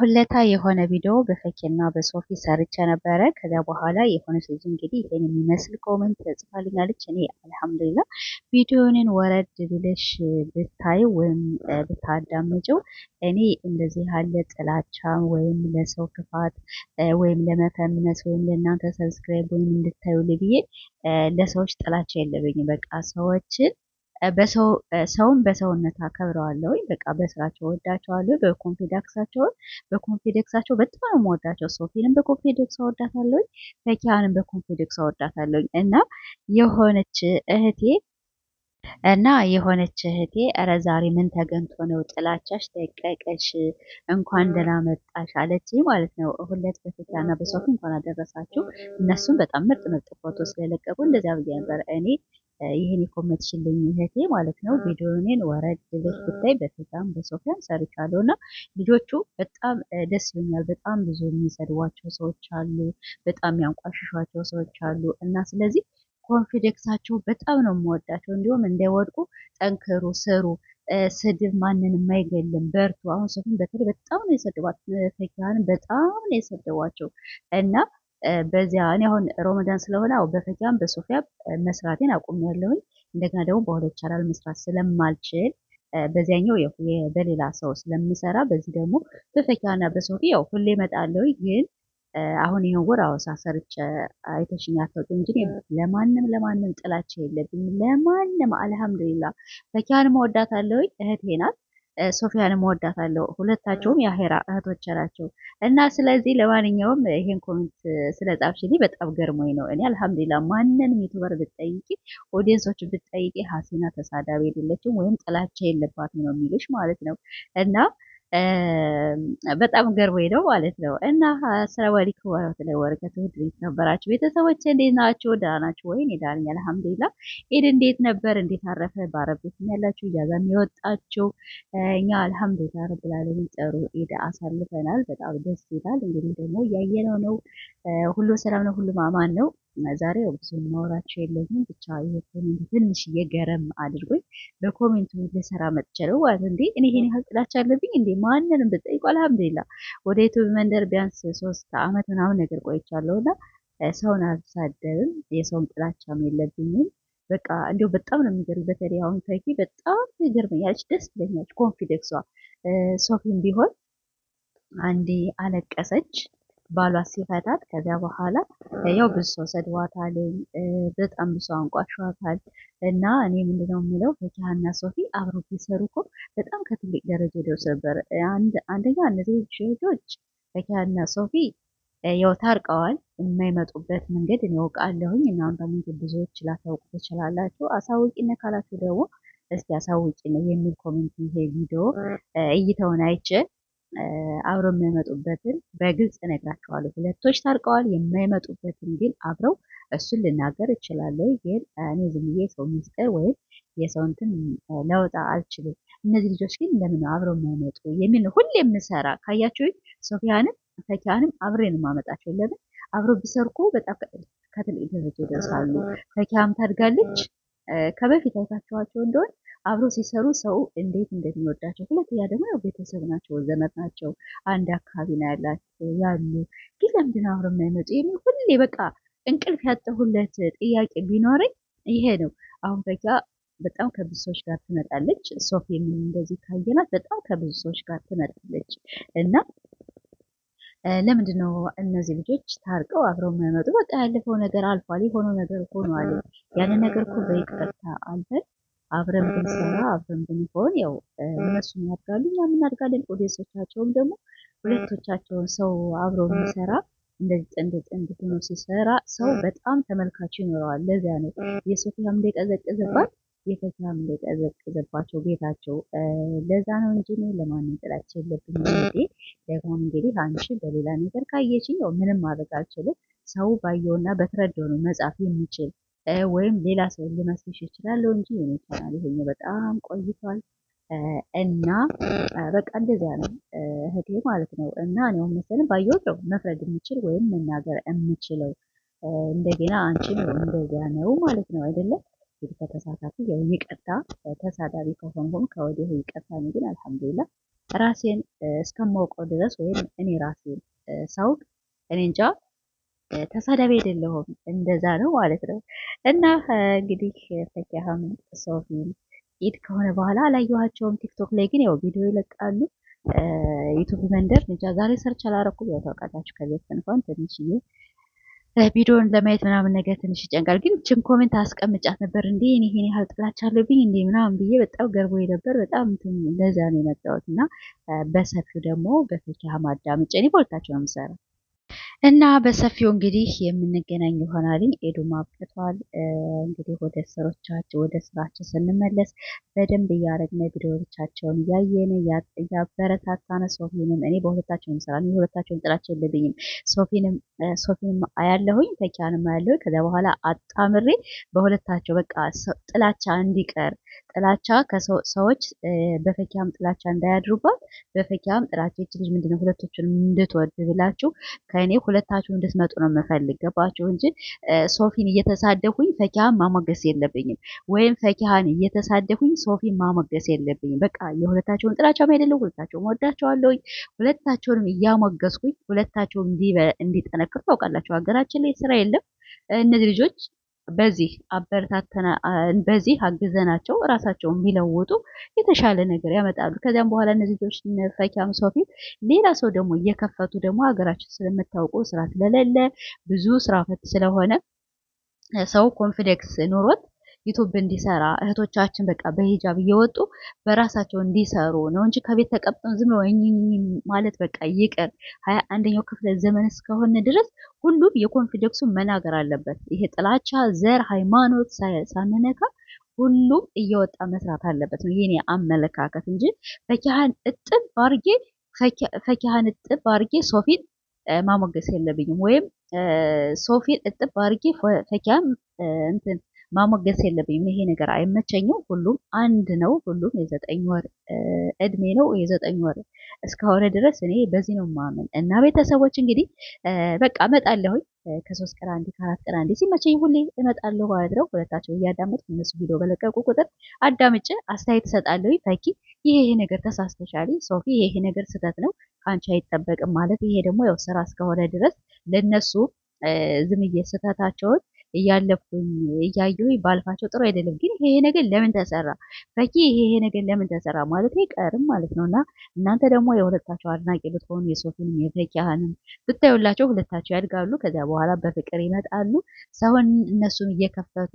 ሁለታ የሆነ ቪዲዮ በፈኪ እና በሶፊ ሰርቼ ነበረ። ከዛ በኋላ የሆነች ልጅ እንግዲህ ይሄን የሚመስል ኮመንት ተጽፋልኛለች። እኔ አልሐምዱሊላ ቪዲዮንን ወረድ ብለሽ ብታይ ወይም ብታዳምጪው እኔ እንደዚህ ያለ ጥላቻ ወይም ለሰው ክፋት ወይም ለመፈመስ ወይም ለእናንተ ሰብስክራይብ ወይም እንድታዩ ልብዬ ለሰዎች ጥላቻ የለብኝ። በቃ ሰዎችን ሰውን በሰውነት አከብረዋለሁኝ በቃ በስራቸው ወዳቸዋለሁ። በኮንፊደክሳቸውን በኮንፊደክሳቸው በጣም ነው የምወዳቸው። ሶፊንም በኮንፊደክሷ ወዳታለሁኝ ፈኪያንም በኮንፊደክሷ ወዳታለሁኝ። እና የሆነች እህቴ እና የሆነች እህቴ እረ ዛሬ ምን ተገንቶ ነው ጥላቻሽ ደቀቀሽ እንኳን ደህና መጣሽ አለች ማለት ነው። ሁለት እና በሶፊ እንኳን አደረሳችሁ። እነሱም በጣም ምርጥ ምርጥ ፎቶ ስለለቀቁ እንደዚያ ብዬ ነበር እኔ ይህን የኮመትሽልኝ እህቴ ማለት ነው ቪዲዮኔን ወረድ ብለሽ ብታይ በፍታም በሶፊያም ሰርቻለሁ እና ልጆቹ በጣም ደስ ይሉኛል። በጣም ብዙ የሚሰድቧቸው ሰዎች አሉ፣ በጣም ያንቋሽሿቸው ሰዎች አሉ እና ስለዚህ ኮንፊደንሳቸው በጣም ነው የምወዳቸው። እንዲሁም እንዳይወድቁ ጠንክሩ፣ ስሩ። ስድብ ማንንም አይገልም። በርቱ። አሁን ሶፊን በተለይ በጣም ነው የሰደቧት፣ ፈኪሀን በጣም ነው የሰደቧቸው እና በዚያ እኔ አሁን ሮመዳን ስለሆነ አው በፈኪያም በሶፊያ መስራቴን አቁም ያለሁኝ እንደገና ደግሞ በሁለት ቻናል መስራት ስለማልችል በዚያኛው ያው በሌላ ሰው ስለምሰራ በዚህ ደግሞ በፈኪያና በሶፊ ያው ሁሌ እመጣለሁኝ። ግን አሁን ይሄን ወር አዎ ሳሰርቼ አይተሽኝ አታውቂ እንጂ ለማንም ለማንም ጥላቻ የለብኝ ለማንም አልሐምዱሊላህ ፈኪያን መወዳታለሁኝ። እህቴ ናት። ሶፊያንም ወዳታለሁ። ሁለታቸውም የአሄራ እህቶች ናቸው እና ስለዚህ ለማንኛውም ይሄን ኮሜንት ስለጻፍሽልኝ በጣም ገርሞኝ ነው። እኔ አልሐምዱሊላህ ማንንም ዩቱበር ብትጠይቂ፣ ኦዲየንሶች ብትጠይቂ ሀሲና ተሳዳቢ አይደለችም ወይም ጥላቻ የለባትም ነው የሚልሽ ማለት ነው እና በጣም ገርሞኝ ነው ማለት ነው። እና አሰላሙ አለይኩም ወራህመቱላሂ ወበረካቱህ ውድ የተከበራችሁ ቤተሰቦች እንዴት ናችሁ? ደህና ናችሁ ወይ? እኔ ደህና ነኝ አልሐምዱሊላህ። ኢድ እንዴት ነበር? እንዴት አረፈ? በአረብ ቤት ያላችሁ እያዛም የወጣችሁ እኛ አልሐምዱሊላህ ረብል ዓለሚን ጥሩ ኢድ አሳልፈናል። በጣም ደስ ይላል። እንግዲህ ደግሞ እያየነው ነው። ሁሉ ሰላም ነው፣ ሁሉም አማን ነው። ዛሬ ያው ብዙ ማወራቸው የለኝም ብቻ የኮሜንት ትንሽ ገረም አድርጎኝ በኮሜንቱ ልሰራ መጥቻለሁ ማለት እንዴ። እኔ ይሄን ያህል ጥላቻ አለብኝ እንዴ? ማንንም ብጠይቁ አልሐምዱሊላ ወደ ዩቱብ መንደር ቢያንስ ሶስት አመት ምናምን ነገር ቆይቻለሁ እና ሰውን አልሳደብም፣ የሰውን ጥላቻም የለብኝም። በቃ እንዲሁ በጣም ነው የሚገርም። በተለይ አሁን ፈኪ በጣም ትገርመኛለች፣ ደስ ትለኛለች ኮንፊደንሷ። ሶፊም ቢሆን አንዴ አለቀሰች ባሏ ሲፈታት ከዚያ በኋላ ያው ብዙ ሰው ሰድቧታል፣ በጣም ብዙ ሰው አንቋሸዋታል። እና እኔ ምንድነው የምለው ፈኪሀና ሶፊ አብረው ቢሰሩ እኮ በጣም ከትልቅ ደረጃ ይደርሱ ነበር። አንደኛ እነዚህ ልጆች ፈኪሀና ሶፊ ያው ታርቀዋል። የማይመጡበት መንገድ እኔ አውቃለሁኝ። እናንተ ደግሞ ብዙዎች ላታውቁ ትችላላችሁ። አሳውቂነ ካላችሁ ደግሞ እስቲ አሳውቂነ የሚል ኮሜንት ይሄ ቪዲዮ እይተውን አይችል አብረው የማይመጡበትን በግልጽ እነግራቸዋለሁ። ሁለቶች ታርቀዋል። የማይመጡበትን ግን አብረው እሱን ልናገር እችላለሁ። ግን እኔ ዝም ብዬ ሰው ሚስጥር ወይም የሰው እንትን ለወጣ አልችልም። እነዚህ ልጆች ግን ለምን አብረው የማይመጡ የሚል ነው ሁሌ የምሰራ ካያቸው ሶፊያንም ፈኪያንም አብሬ ነው የማመጣቸው። ለምን አብረው ቢሰርኩ በጣም ከትልቅ ደረጃ ይደርሳሉ። ፈኪያም ታድጋለች። ከበፊት አይታችኋቸው እንደሆን አብረው ሲሰሩ ሰው እንዴት እንደሚወዳቸው፣ ሁለተኛ ደግሞ ያው ቤተሰብ ናቸው፣ ዘመድ ናቸው፣ አንድ አካባቢ ነው ያላቸው ያሉ። ግን ለምንድን አብረው የማይመጡ የሚል ሁሌ በቃ እንቅልፍ ያጠሁለት ጥያቄ ቢኖረኝ ይሄ ነው። አሁን ፈኪያ በጣም ከብዙ ሰዎች ጋር ትመጣለች። ሶፊ የሚል እንደዚህ ካየናት በጣም ከብዙ ሰዎች ጋር ትመጣለች እና ለምንድን ነው እነዚህ ልጆች ታርቀው አብረው የማይመጡ? በቃ ያለፈው ነገር አልፏል። የሆነው ነገር እኮ ነው አለ። ያንን ነገር እኮ በይቅርታ አልፈን አብረን ብንሰራ አብረን ብንሆን ያው እነሱም ያድጋሉ እኛ እናድጋለን። ኦዲየንሶቻቸውም ደግሞ ሁለቶቻቸውን ሰው አብሮ የሚሰራ እንደዚህ ጥንድ ጥንድ ሆኖ ሲሰራ ሰው በጣም ተመልካቹ ይኖረዋል። ለዚያ ነው የሶፊያም እንደቀዘቀዘባት የፈተና እንደቀዘቀዘባቸው ቤታቸው ለዛ ነው እንጂ እኔ ለማንም ጥላቻ የለብኝ። እንግዲህ ደግሞ እንግዲህ አንቺ በሌላ ነገር ካየችኝ ያው ምንም ማድረግ አልችልም። ሰው ባየውና በተረዳው ነው መጻፍ የሚችል ወይም ሌላ ሰው ሊመስልሽ ይችላለሁ እንጂ የኔ ቻናል ይሄኛው በጣም ቆይቷል። እና በቃ እንደዚያ ነው እህቴ ማለት ነው። እና እኔው አሁን መሰለኝ ባየሁት ነው መፍረድ የምችል ወይም መናገር የምችለው። እንደገና አንቺም እንደዚያ ነው ማለት ነው አይደለም እንግዲህ ከተሳሳቱ ያው ይቅርታ ተሳዳቢ ከሆንኩም ከወዲሁ ይቅርታ እንግዲህ አልሐምዱሊላህ ራሴን እስከማውቀው ድረስ ወይም እኔ ራሴን ሳውቅ እኔ እንጃ ተሳዳቢ አይደለሁም እንደዛ ነው ማለት ነው። እና እንግዲህ ፈኪያህም ሶፊም ኢድ ከሆነ በኋላ አላየኋቸውም። ቲክቶክ ላይ ግን ያው ቪዲዮ ይለቃሉ። ዩቱብ መንደር እንጃ ዛሬ ሰርች አላረኩም። ያው ታውቃላችሁ ከቤት እንኳን ትንሽዬ ቪዲዮን ለማየት ምናምን ነገር ትንሽ ይጨንቃል። ግን ችን ኮሜንት አስቀምጫት ነበር እንዴ እኔ ይሄን ያህል ጥላቻ አለብኝ እንዴ ምናምን ብዬ በጣም ገርቦ ነበር። በጣም ለዛ ነው የመጣሁት እና በሰፊው ደግሞ በፈኪ አህመድ አዳምጬ እኔ በሁለታቸው ነው የምሰራው። እና በሰፊው እንግዲህ የምንገናኝ ይሆናል። ኤዶም አብቅቷል። እንግዲህ ወደ ስራቻቸው ወደ ስራቸው ስንመለስ በደንብ እያደረግን ቪዲዮዎቻቸውን እያየን እያበረታታነ ሶፊንም እኔ በሁለታቸውም ስራ የሁለታቸውም ጥላቸው የለብኝም። ሶፊንም አያለሁኝ ተኪያንም አያለሁኝ። ከዚያ በኋላ አጣምሬ በሁለታቸው በቃ ጥላቻ እንዲቀር ጥላቻ ሰዎች በፈኪያም ጥላቻ እንዳያድሩባት በፈኪያም ጥላቻ ይቺ ልጅ ምንድነው ሁለቶችን እንድትወድ ብላችሁ ከእኔ ሁለታችሁ እንድትመጡ ነው የምፈልግ ገባችሁ እንጂ ሶፊን እየተሳደፉኝ ፈኪሀን ማሞገስ የለብኝም ወይም ፈኪያን እየተሳደፉኝ ሶፊን ማሞገስ የለብኝም በቃ የሁለታቸውን ጥላቻም አይደለም ሁለታቸውም ወዳቸዋለሁኝ ሁለታቸውንም እያሞገስኩኝ ሁለታቸውም እንዲጠነክሩ ታውቃላችሁ ሀገራችን ላይ ስራ የለም እነዚህ ልጆች በዚህ አበረታተን በዚህ አግዘናቸው ራሳቸውን ቢለውጡ የተሻለ ነገር ያመጣሉ። ከዚያም በኋላ እነዚህ ልጆች ፈኪያም ሰው ፊት ሌላ ሰው ደግሞ እየከፈቱ ደግሞ ሀገራችን ስለምታውቁ ስራ ስለሌለ ብዙ ስራ ፈት ስለሆነ ሰው ኮንፊደንስ ኖሮት ዩቱብ እንዲሰራ እህቶቻችን በቃ በሂጃብ እየወጡ በራሳቸው እንዲሰሩ ነው እንጂ ከቤት ተቀምጠን ዝም ወይ ማለት በቃ ይቅር። ሀያ አንደኛው ክፍለ ዘመን እስከሆነ ድረስ ሁሉም የኮንፊደንሱን መናገር አለበት። ይሄ ጥላቻ፣ ዘር፣ ሃይማኖት ሳንነካ ሁሉም እየወጣ መስራት አለበት ነው የኔ አመለካከት እንጂ ፈኪሃን እጥብ አርጌ ፈኪሃን እጥብ አርጌ ሶፊን ማሞገስ የለብኝም ወይም ሶፊን እጥብ አርጌ ፈኪሃን እንትን ማሞገስ የለብኝም። ይሄ ነገር አይመቸኝም። ሁሉም አንድ ነው። ሁሉም የዘጠኝ ወር እድሜ ነው። የዘጠኝ ወር እስከሆነ ድረስ እኔ በዚህ ነው ማመን እና ቤተሰቦች እንግዲህ በቃ እመጣለሁኝ ከሶስት ቀን አንዴ ከአራት ቀን አንዴ ሲመቸኝ ሁሌ እመጣለሁ አድረው ሁለታቸው እያዳመጥኩ እነሱ ቪዲዮ በለቀቁ ቁጥር አዳምጬ አስተያየት እሰጣለሁኝ። ፈኪ ይሄ ይሄ ነገር ተሳስተሻል፣ ሶፊ ይሄ ይሄ ነገር ስህተት ነው፣ ከአንቺ አይጠበቅም ማለት ይሄ ደግሞ ያው ስራ እስከሆነ ድረስ ለነሱ ዝምዬ ስህተታቸውን እያለፍኩኝ እያየሁኝ ባልፋቸው ጥሩ አይደለም። ግን ይሄ ነገር ለምን ተሰራ ፈኪ፣ ይሄ ነገር ለምን ተሰራ ማለት አይቀርም ማለት ነው። እና እናንተ ደግሞ የሁለታቸው አድናቂ ብትሆኑ የሶፊንም የፈኪያንም ብታዩላቸው ሁለታቸው ያድጋሉ። ከዚያ በኋላ በፍቅር ይመጣሉ። ሰውን እነሱን እየከፈቱ